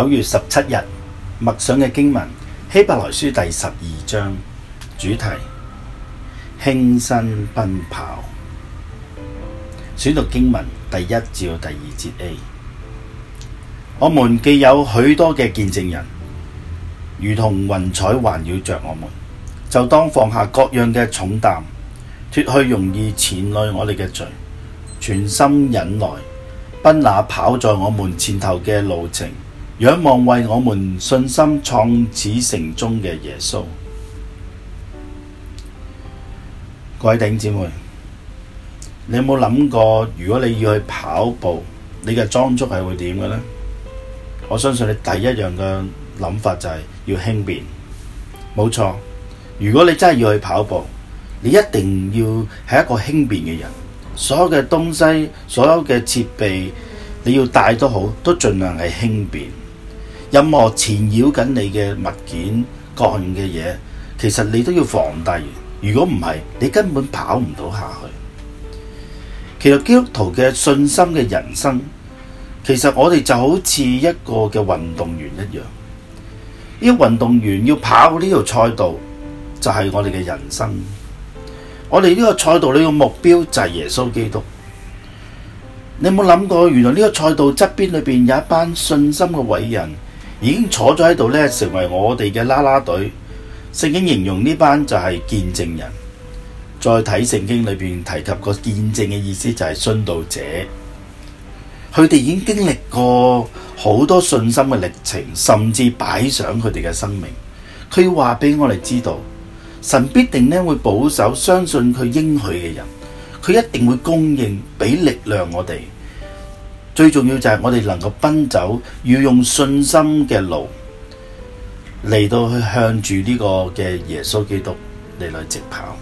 九月十七日默想嘅經文《希伯來書》第十二章，主題輕身奔跑。選讀經文第一至第二節。A，我們既有許多嘅見證人，如同雲彩環繞着我們，就當放下各樣嘅重擔，脫去容易纏累我哋嘅罪，全心忍耐，奔那跑在我們前頭嘅路程。仰望為我們信心創始成終嘅耶穌，各位弟兄姊妹，你有冇諗過，如果你要去跑步，你嘅裝束係會點嘅呢？我相信你第一樣嘅諗法就係要輕便，冇錯。如果你真係要去跑步，你一定要係一個輕便嘅人，所有嘅東西、所有嘅設備，你要帶都好，都盡量係輕便。任何纏繞緊你嘅物件，各樣嘅嘢，其實你都要防備。如果唔係，你根本跑唔到下去。其實基督徒嘅信心嘅人生，其實我哋就好似一個嘅運動員一樣。呢個運動員要跑呢條賽道，就係我哋嘅人生。我哋呢個賽道，你個目標就係耶穌基督。你有冇諗過，原來呢個賽道側邊裏邊有一班信心嘅偉人。已經坐咗喺度咧，成為我哋嘅啦啦隊。聖經形容呢班就係見證人。再睇聖經裏邊提及個見證嘅意思，就係殉道者。佢哋已經經歷過好多信心嘅歷程，甚至擺上佢哋嘅生命。佢要話俾我哋知道，神必定咧會保守相信佢應許嘅人，佢一定會供應俾力量我哋。最重要就係我哋能夠奔走，要用信心嘅路嚟到去向住呢個嘅耶穌基督嚟到直跑。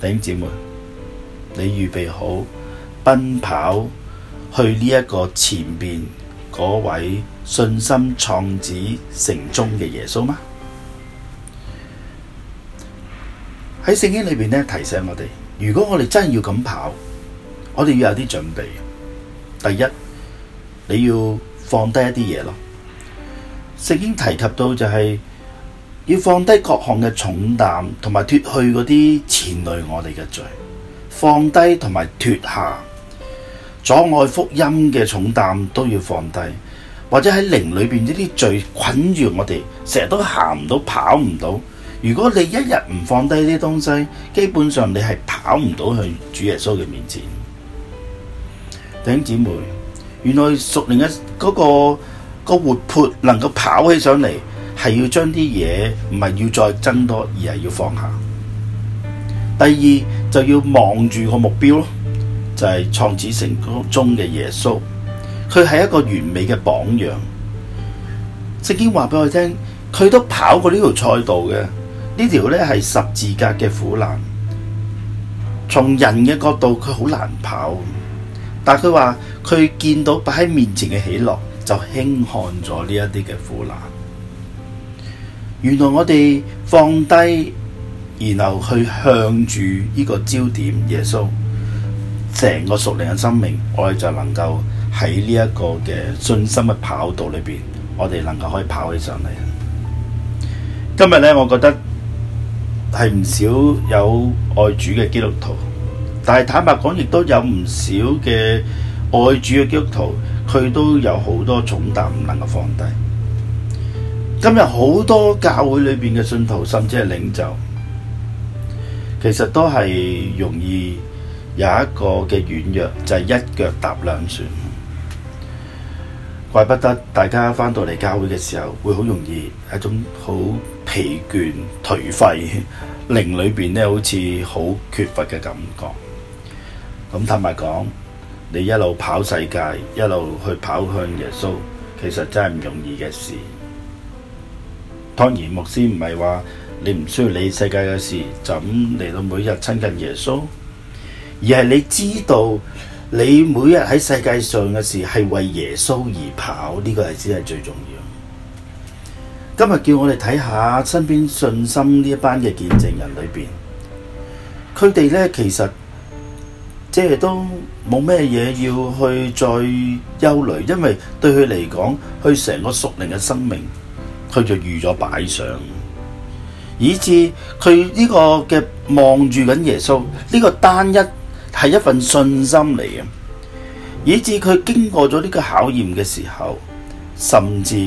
弟兄姊妹，你預備好奔跑去呢一個前面嗰位信心創始成終嘅耶穌嗎？喺聖經裏面呢，提醒我哋，如果我哋真的要咁跑，我哋要有啲準備。第一，你要放低一啲嘢咯。聖經提及到就係、是、要放低各項嘅重擔，同埋脫去嗰啲纏累我哋嘅罪，放低同埋脫下，下阻礙福音嘅重擔都要放低，或者喺靈裏邊呢啲罪捆住我哋，成日都行唔到跑唔到。如果你一日唔放低呢啲東西，基本上你係跑唔到去主耶穌嘅面前。弟兄姐妹，原來熟練嘅嗰、那個、那個活潑，能夠跑起上嚟，係要將啲嘢唔係要再增多，而係要放下。第二就要望住個目標咯，就係、是、創始成終嘅耶穌，佢係一個完美嘅榜樣。聖經話俾我聽，佢都跑過呢條賽道嘅，呢條咧係十字架嘅苦難。從人嘅角度，佢好難跑。但佢話佢見到擺喺面前嘅喜樂，就輕看咗呢一啲嘅苦難。原來我哋放低，然後去向住呢個焦點耶穌，成個屬靈嘅生命，我哋就能夠喺呢一個嘅信心嘅跑道裏邊，我哋能夠可以跑起上嚟。今日呢，我覺得係唔少有愛主嘅基督徒。但係坦白講，亦都有唔少嘅愛主嘅基督徒，佢都有好多重擔唔能夠放低。今日好多教會裏邊嘅信徒，甚至係領袖，其實都係容易有一個嘅軟弱，就係一腳踏兩船。怪不得大家返到嚟教會嘅時候，會好容易一種好疲倦、頹廢、靈裏邊呢，好似好缺乏嘅感覺。咁坦白講，你一路跑世界，一路去跑向耶穌，其實真係唔容易嘅事。當然，牧師唔係話你唔需要理世界嘅事，就咁嚟到每日親近耶穌，而係你知道你每日喺世界上嘅事係為耶穌而跑，呢個係先係最重要。今日叫我哋睇下身邊信心呢一班嘅見證人裏邊，佢哋呢其實。即係都冇咩嘢要去再憂慮，因為對佢嚟講，佢成個屬靈嘅生命，佢就預咗擺上，以至佢呢個嘅望住緊耶穌呢個單一係一份信心嚟嘅，以至佢經過咗呢個考驗嘅時候，甚至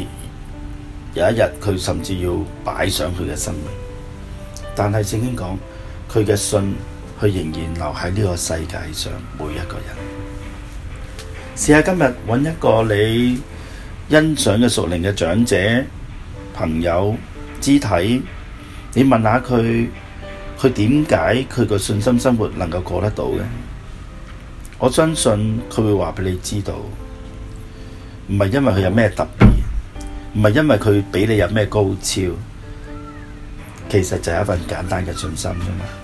有一日佢甚至要擺上佢嘅生命，但係聖經講佢嘅信。佢仍然留喺呢個世界上，每一個人試下今日揾一個你欣賞嘅熟齡嘅長者朋友、肢體，你問下佢，佢點解佢個信心生活能夠過得到嘅？我相信佢會話俾你知道，唔係因為佢有咩特別，唔係因為佢畀你有咩高超，其實就係一份簡單嘅信心啫嘛。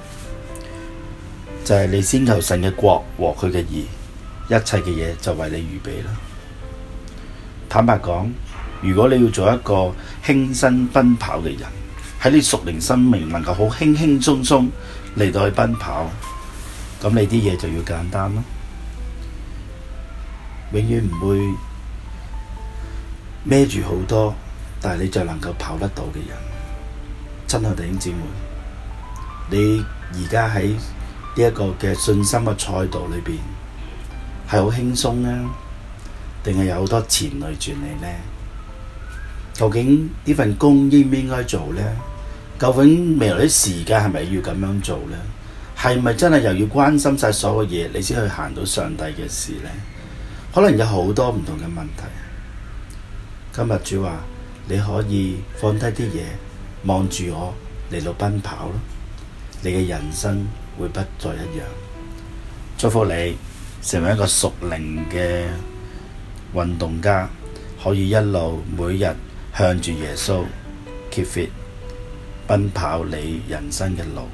就係你先求神嘅國和佢嘅義，一切嘅嘢就為你預備啦。坦白講，如果你要做一個輕身奔跑嘅人，喺你屬靈生命能夠好輕輕松鬆嚟到去奔跑，咁你啲嘢就要簡單咯。永遠唔會孭住好多，但係你就能夠跑得到嘅人。親愛弟兄姊妹，你而家喺？呢一個嘅信心嘅賽道裏邊係好輕鬆咧，定係有好多纏累住你呢？究竟呢份工應唔應該做呢？究竟未來啲時間係咪要咁樣做呢？係咪真係又要關心晒所有嘢，你先去行到上帝嘅事呢？可能有好多唔同嘅問題。今日主話你可以放低啲嘢，望住我嚟到奔跑咯，你嘅人生會不再一樣。祝福你成為一個屬靈嘅運動家，可以一路每日向住耶穌 keep fit 奔跑你人生嘅路。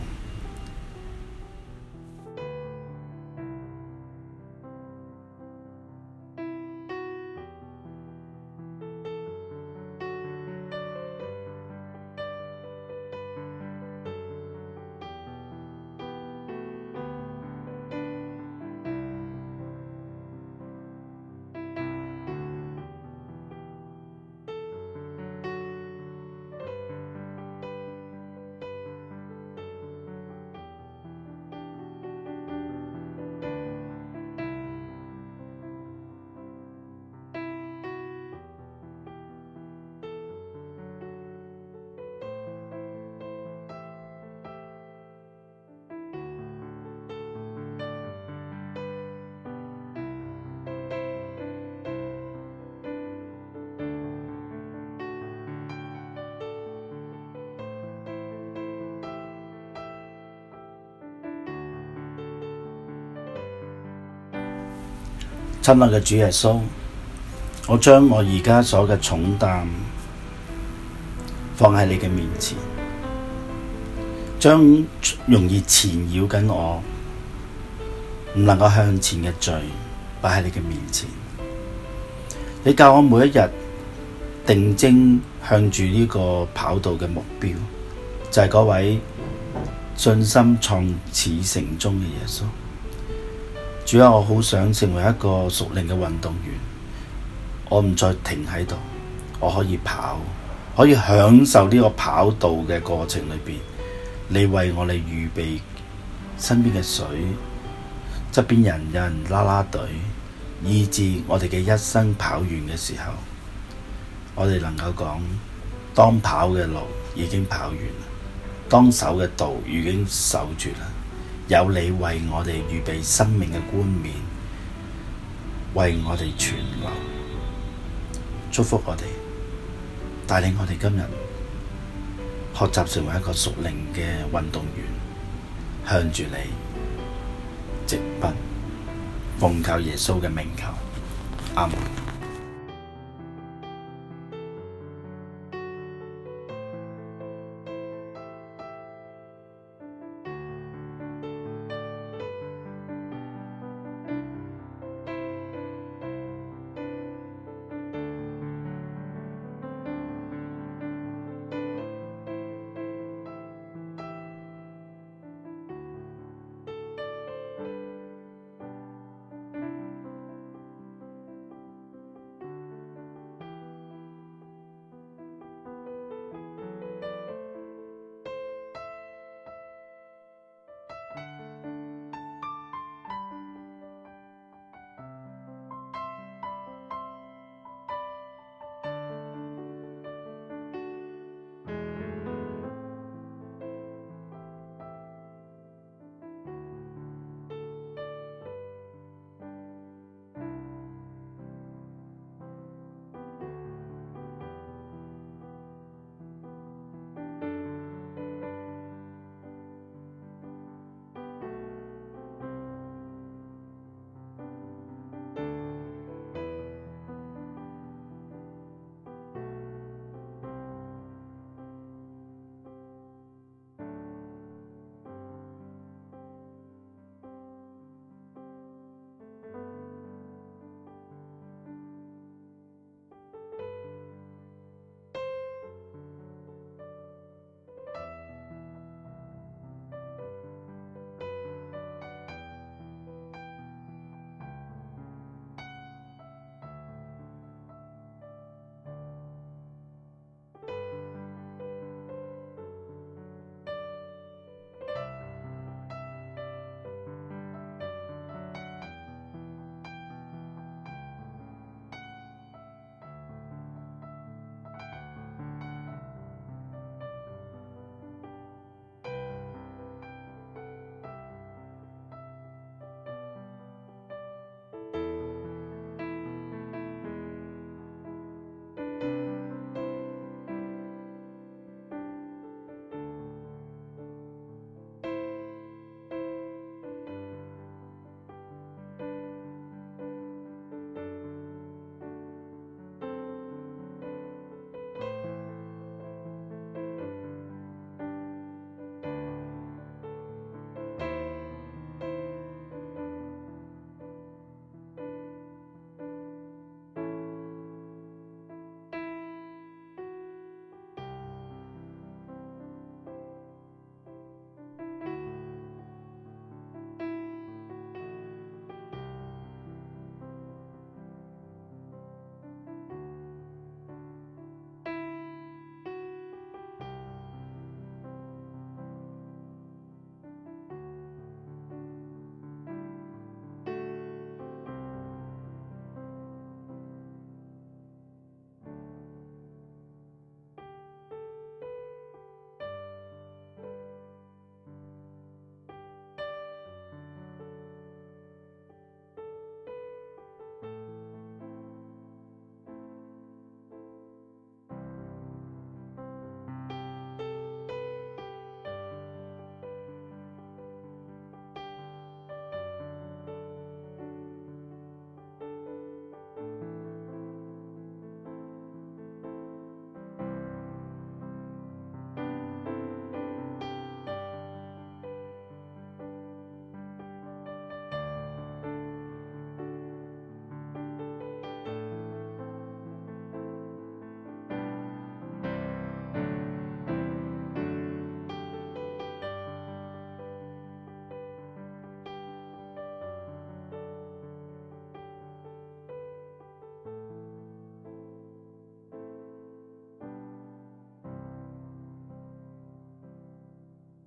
親愛嘅主耶穌，我將我而家所嘅重擔放喺你嘅面前，將容易纏繞緊我唔能夠向前嘅罪擺喺你嘅面前。你教我每一日定睛向住呢個跑道嘅目標，就係嗰位信心創始成終嘅耶穌。主要我好想成為一個熟練嘅運動員，我唔再停喺度，我可以跑，可以享受呢個跑道嘅過程裏邊。你為我哋預備身邊嘅水，側邊人有人拉拉隊，以至我哋嘅一生跑完嘅時候，我哋能夠講：當跑嘅路已經跑完，當守嘅道已經守住啦。有你為我哋預備生命嘅冠冕，為我哋存留，祝福我哋，帶領我哋今日學習成為一個屬靈嘅運動員，向住你直奔，奉教耶穌嘅名求，阿門。